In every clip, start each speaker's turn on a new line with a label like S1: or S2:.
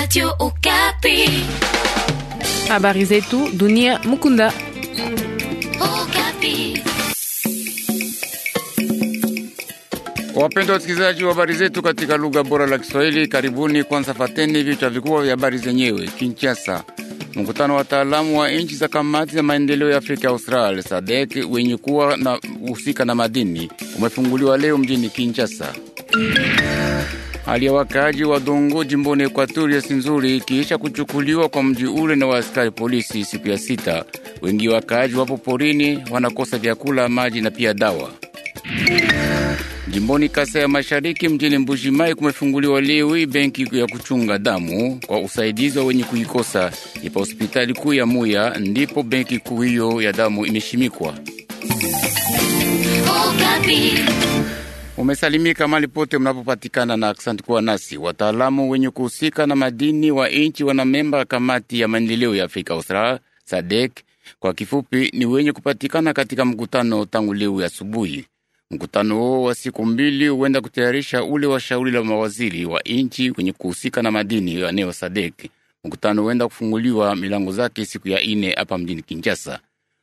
S1: Radio Okapi.
S2: Habari zetu dunia mukunda.
S1: Okapi.
S3: Wapendwa wasikilizaji wa habari zetu katika lugha bora la Kiswahili, karibuni. Kwanza fateni vichwa vikubwa vya habari zenyewe. Kinshasa, mkutano wa wataalamu wa nchi za kamati ya maendeleo ya Afrika ya Australia SADC wenye kuwa na husika na madini umefunguliwa leo mjini Kinshasa. Hali ya wakaaji wa Dongo jimboni ekwatori si nzuri, ikiisha kuchukuliwa kwa mji ule na waaskari polisi siku ya sita. Wengi wakaaji wapo porini, wanakosa vyakula, maji na pia dawa. Jimboni kasa ya Mashariki, mjini Mbujimai kumefunguliwa leo benki ya kuchunga damu kwa usaidizi wa wenye kuikosa. Ipa hospitali kuu ya Muya ndipo benki kuu hiyo ya damu imeshimikwa. Oh, umesalimika mali pote mnapopatikana, na asante kuwa nasi. Wataalamu wenye kuhusika na madini wa nchi wana memba kamati ya maendeleo ya Afrika Austral Sadek kwa kifupi ni wenye kupatikana katika mkutano tangu leo asubuhi. Mkutano huo wa siku mbili huenda kutayarisha ule wa shauri la mawaziri wa nchi wenye kuhusika na madini ya eneo Sadek. Mkutano huenda kufunguliwa milango zake siku ya ine hapa mjini Kinshasa.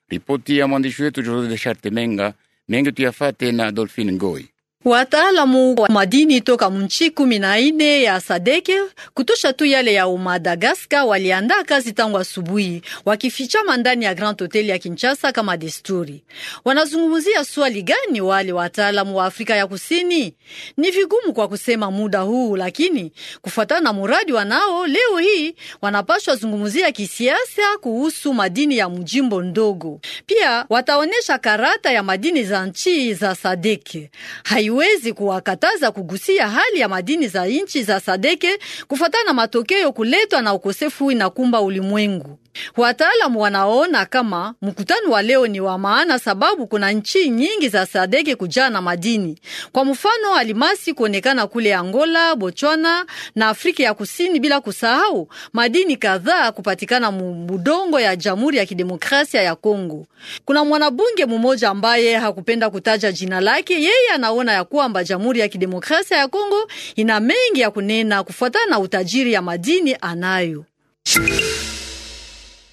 S3: Ripoti ya mwandishi wetu Jose de Charte Menga mengi tuyafate na Dolphine Ngoi.
S4: Wataalamu wa madini toka mnchi kumi na ine ya Sadeke kutosha tu yale ya Umadagaska waliandaa kazi tangu asubuhi, wakifichama ndani ya Grand Hotel ya Kinshasa kama desturi. Wanazungumzia swali gani wale wataalamu wa Afrika ya Kusini? Ni vigumu kwa kusema muda huu, lakini kufuatana na muradi wanao leo hii wanapashwa zungumzia kisiasa kuhusu madini ya mjimbo ndogo. Pia wataonesha karata ya madini za nchi za Sadeke Hai haiwezi kuwakataza kugusia hali ya madini za nchi za Sadeke kufuatana na matokeo kuletwa na ukosefu inakumba ulimwengu. Wataalamu wanaona kama mkutano wa leo ni wa maana, sababu kuna nchi nyingi za sadege kujaa na madini, kwa mfano alimasi kuonekana kule Angola, Botswana na Afrika ya Kusini, bila kusahau madini kadhaa kupatikana mudongo ya Jamhuri ya Kidemokrasia ya Kongo. Kuna mwanabunge mmoja ambaye hakupenda kutaja jina lake, yeye anaona ya kwamba Jamhuri ya Kidemokrasia ya Kongo ina mengi ya kunena kufuatana na utajiri ya madini anayo.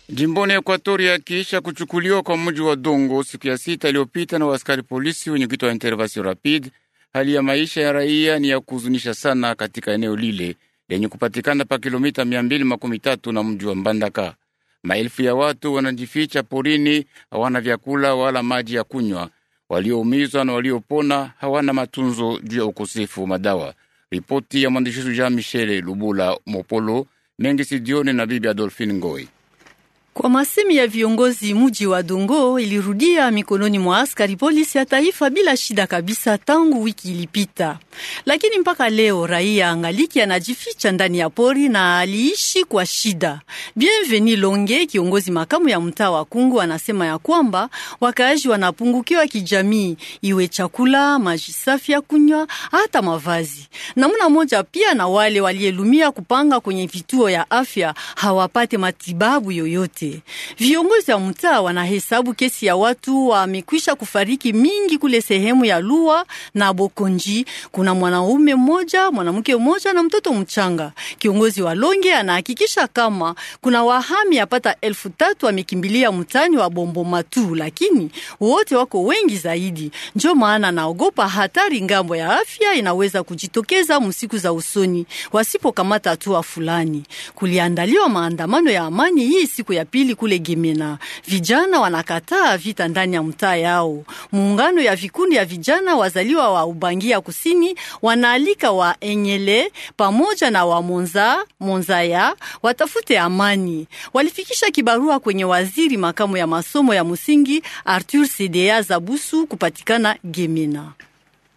S3: Jimboni Ekwatoria, kisha kuchukuliwa kwa mji wa Dongo siku ya sita iliyopita na waskari polisi wenye kuitwa intervention rapide, hali ya maisha ya raia ni ya kuhuzunisha sana katika eneo lile lenye kupatikana pa kilomita 213 na mji wa Mbandaka. Maelfu ya watu wanajificha porini, hawana vyakula wala maji ya kunywa. Walioumizwa na waliopona hawana matunzo juu ya ukosefu wa madawa. Ripoti ya mwandishi wetu Jean Michel Lubula Mopolo mengi sidioni na bibi Adolphine Ngoi.
S4: Kwa masemi ya viongozi, mji wa Dongo ilirudia mikononi mwa askari polisi ya taifa bila shida kabisa tangu wiki ilipita, lakini mpaka leo raia angaliki anajificha ndani ya pori na aliishi kwa shida. Bienveni Longe, kiongozi makamu ya mtaa wa Kungu, anasema ya kwamba wakaaji wanapungukiwa kijamii, iwe chakula, maji safi ya kunywa, hata mavazi. Namna moja pia na wale walielumia kupanga kwenye vituo ya afya hawapate matibabu yoyote wote. Viongozi wa mtaa wanahesabu kesi ya watu wamekwisha kufariki mingi kule sehemu ya Lua na Bokonji. Kuna mwanaume mmoja, mwanamke mmoja na mtoto mchanga. Kiongozi wa Longe anahakikisha kama kuna wahami apata elfu tatu wamekimbilia mtani wa Bombo Matu, lakini wote wako wengi zaidi. njo maana naogopa hatari ngambo ya afya inaweza kujitokeza msiku za usoni wasipokamata hatua fulani. Kuliandaliwa maandamano ya amani hii siku ya pili kule Gemena. Vijana wanakataa vita ndani ya mtaa yao. Muungano ya vikundi ya vijana wazaliwa wa Ubangia Kusini wanaalika wa Enyele pamoja na wa Monza, Monzaya watafute amani. Walifikisha kibarua kwenye waziri makamu ya masomo ya msingi Arthur Sedea Zabusu kupatikana Gemena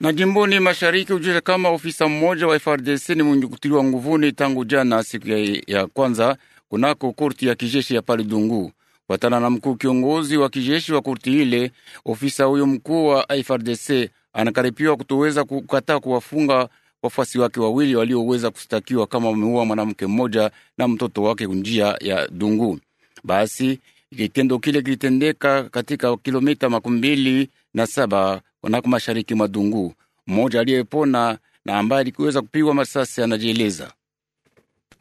S3: na jimboni mashariki hujulisha kama ofisa mmoja wa FRDC ni mwenye kutiliwa nguvuni tangu jana siku ya, ya kwanza kunako korti ya kijeshi ya pale Dungu watana na mkuu kiongozi wa kijeshi wa korti ile. Ofisa huyo mkuu wa FRDC anakaripiwa kutoweza kukataa kuwafunga wafuasi wake wawili walioweza kustakiwa kama wameua mwanamke mmoja na mtoto wake njia ya Dungu. Basi kitendo kile kilitendeka katika kilomita makumi mbili na saba wanako mashariki mwa Dungu. Mmoja aliyepona na ambaye alikuweza kupigwa masasi anajieleza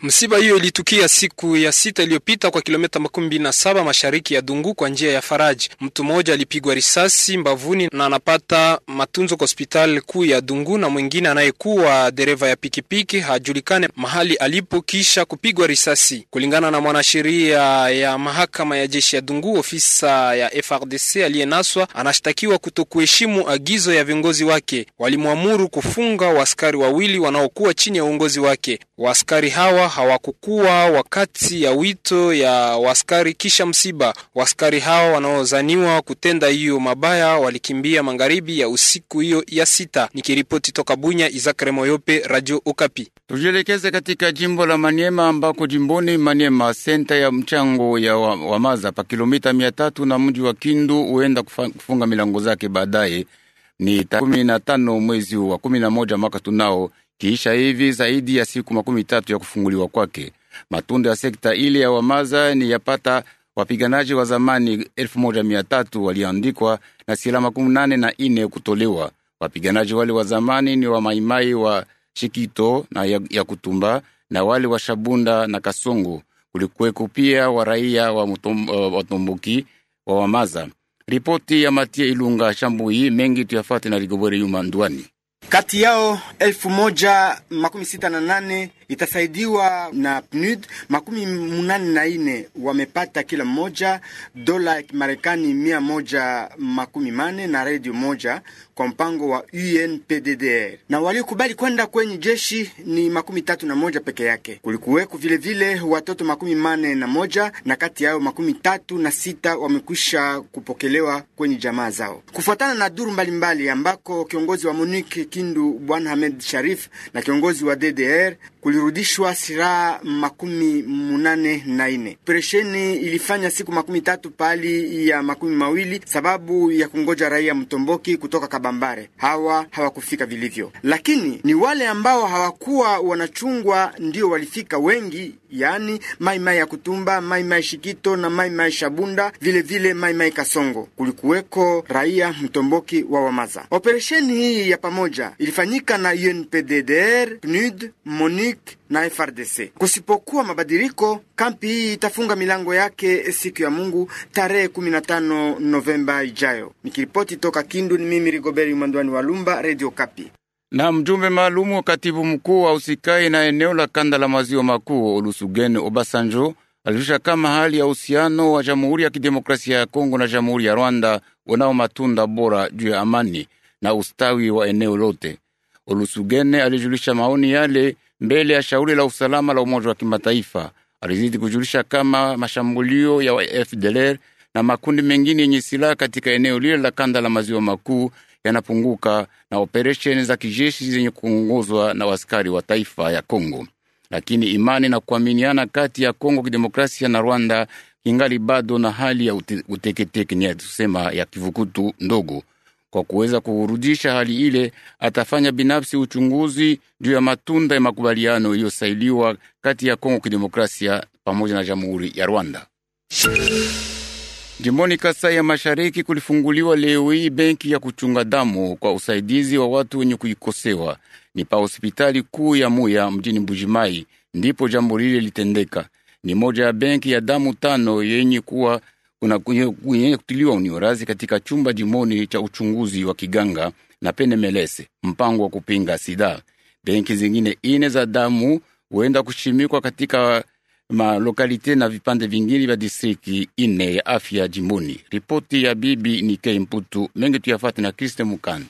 S2: Msiba hiyo ilitukia siku ya sita iliyopita kwa kilomita makumi mbili na saba mashariki ya Dungu kwa njia ya Faraji. Mtu mmoja alipigwa risasi mbavuni na anapata matunzo kwa hospitali kuu ya Dungu, na mwingine anayekuwa dereva ya pikipiki hajulikane mahali alipo kisha kupigwa risasi. Kulingana na mwanasheria ya mahakama ya jeshi ya Dungu, ofisa ya FRDC aliyenaswa anashtakiwa kutokuheshimu agizo ya viongozi wake. Walimwamuru kufunga waskari wawili wanaokuwa chini ya uongozi wake. waskari hawa hawakukua hawakukuwa wakati ya wito ya waskari kisha msiba. Waskari hawa wanaozaniwa kutenda hiyo mabaya walikimbia magharibi ya usiku hiyo ya sita. Nikiripoti toka Bunya, Izakare Moyope, Radio Okapi.
S3: Tujielekeze katika jimbo la Maniema ambako jimboni Maniema senta ya mchango ya Wamaza wa pa kilomita mia tatu na mji wa Kindu huenda kufunga milango zake baadaye ni tarehe kumi na tano mwezi wa kumi na moja mwaka tunao kisha hivi zaidi ya siku makumi tatu ya kufunguliwa kwake, matunda ya sekta ile ya Wamaza ni yapata wapiganaji wa zamani elfu moja mia tatu waliandikwa na silaha makumi nane na ine kutolewa. Wapiganaji wale wa zamani ni wa Maimai wa Shikito na ya, ya Kutumba na wale wa Shabunda na Kasongo. Kulikuweko pia wa raia wa Watomboki wa Wamaza. Ripoti ya Matia Ilunga Shambui mengi tuyafate na Rigobore Yuma Ndwani
S1: kati yao elfu moja makumi sita na nane itasaidiwa na PNUD. Makumi munane na ine wamepata kila mmoja dola ya Kimarekani mia moja makumi mane na redio moja kwa mpango wa UNPDDR, na waliokubali kwenda kwenye jeshi ni makumi tatu na moja peke yake. Kulikuweko vilevile watoto makumi mane na moja na kati yao makumi tatu na sita wamekwisha kupokelewa kwenye jamaa zao, kufuatana na duru mbalimbali mbali ambako kiongozi wa MONUC Kindu Bwana Hamed Sharif na kiongozi wa DDR kulirudishwa silaha makumi munane na ine. Operesheni ilifanya siku makumi tatu pahali ya makumi mawili sababu ya kungoja raia Mtomboki kutoka Kabambare. Hawa hawakufika vilivyo, lakini ni wale ambao hawakuwa wanachungwa ndio walifika wengi, yaani maimai ya Kutumba, maimai Shikito na maimai Shabunda, vilevile maimai Kasongo. Kulikuweko raia Mtomboki wa Wamaza. Operesheni hii ya pamoja ilifanyika na UNPDDR, PNUD, MONUC MONUC na FRDC. Kusipokuwa mabadiliko, kampi hii itafunga milango yake siku ya Mungu tarehe 15 Novemba ijayo. Nikiripoti toka Kindu, ni mimi Rigoberi Mwandwani wa Lumba, Radio Kapi.
S3: Na mjumbe maalumu wa katibu mkuu wa usikai na eneo la kanda la maziwa makuu Olusugen Obasanjo alishusha kama hali ya uhusiano wa Jamhuri ya Kidemokrasia ya Kongo na Jamhuri ya Rwanda wanao matunda bora juu ya amani na ustawi wa eneo lote. Olusugene alijulisha maoni yale mbele ya shauri la usalama la Umoja wa Kimataifa. Alizidi kujulisha kama mashambulio ya FDLR na makundi mengine yenye silaha katika eneo lile la kanda la maziwa makuu yanapunguka na operesheni za kijeshi zenye kuongozwa na waskari wa taifa ya Kongo, lakini imani na kuaminiana kati ya Kongo kidemokrasia na Rwanda ingali bado na hali ya uteketeke, ni kusema ya kivukutu ndogo. Kwa kuweza kurudisha hali ile, atafanya binafsi uchunguzi juu ya matunda ya makubaliano iliyosailiwa kati ya Kongo Kidemokrasia pamoja na Jamhuri ya Rwanda. Jimboni Kasai ya Mashariki kulifunguliwa leo hii benki ya kuchunga damu kwa usaidizi wa watu wenye kuikosewa. Ni pa hospitali kuu ya Muya mjini Mbujimai ndipo jambo lile litendeka. Ni moja ya benki ya damu tano yenye kuwa yenye kutiliwa uniorazi katika chumba jimoni cha uchunguzi wa kiganga na pene melese mpango wa kupinga sida. Benki zingine ine za damu huenda kushimikwa katika malokalite na vipande vingine vya distriki ine ya afya jimoni Ripoti ya bibi Kei Mputu mengi tuyafate na Kriste Mukanda.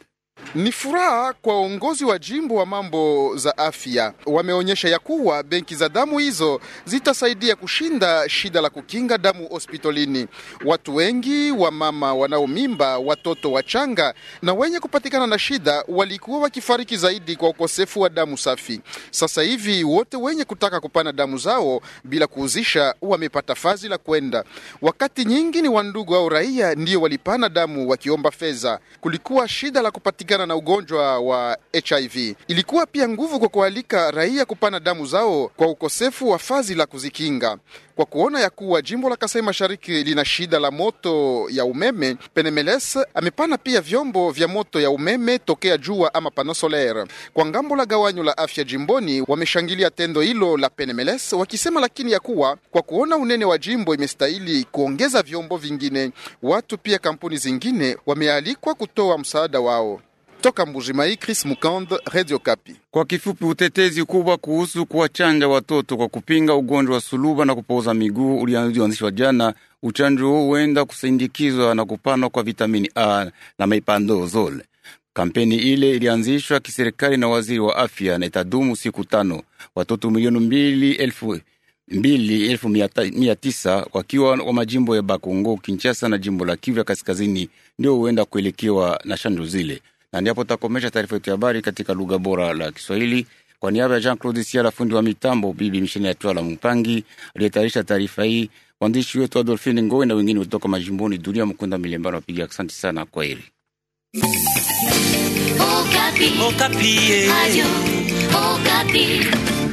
S2: Ni furaha kwa uongozi wa jimbo wa mambo za afya, wameonyesha ya kuwa benki za damu hizo zitasaidia kushinda shida la kukinga damu hospitalini. Watu wengi wa mama wanaomimba, watoto wachanga na wenye kupatikana na shida walikuwa wakifariki zaidi kwa ukosefu wa damu safi. Sasa hivi wote wenye kutaka kupana damu zao bila kuuzisha wamepata fazi la kwenda. Wakati nyingi ni wandugu au raia ndio walipana damu wakiomba fedha. Kulikuwa shida la kupatikana kuhusiana na ugonjwa wa HIV. Ilikuwa pia nguvu kwa kualika raia kupana damu zao kwa ukosefu wa fazi la kuzikinga. Kwa kuona ya kuwa jimbo la Kasai Mashariki lina shida la moto ya umeme, Penemeles amepana pia vyombo vya moto ya umeme tokea jua ama pano solaire. Kwa ngambo la gawanyo la afya jimboni, wameshangilia tendo hilo la Penemeles wakisema lakini ya kuwa kwa kuona unene wa jimbo imestahili kuongeza vyombo vingine. Watu pia kampuni zingine wamealikwa kutoa msaada wao. Toka Mbujimai, Chris Mukand, Radio Kapi.
S3: Kwa kifupi, utetezi kubwa kuhusu kuwachanja watoto kwa kupinga ugonjwa wa suluba na kupooza miguu ulioanzishwa jana. Uchanjo huu huenda kusindikizwa na kupanwa kwa vitamini A na mepandozole. Kampeni ile ilianzishwa kiserikali na waziri wa afya na itadumu siku tano. Watoto milioni mbili elfu mbili elfu mia tisa wakiwa wa majimbo ya Bakongo, Kinshasa na jimbo la Kivu ya Kaskazini ndio huenda kuelekewa na chanjo zile na ndipo takomesha taarifa yetu ya habari katika lugha bora la Kiswahili. Kwa niaba ya Jean Claude Siala, fundi wa mitambo, bibi Misheni la Mpangi aliyetayarisha taarifa hii, waandishi wetu Adolfine Ngowe na wengine kutoka majimboni, Dunia Mkunda Milembano wapiga. Asante sana, kwa heri.
S4: Okapi. Okapi. Eh. Okapi.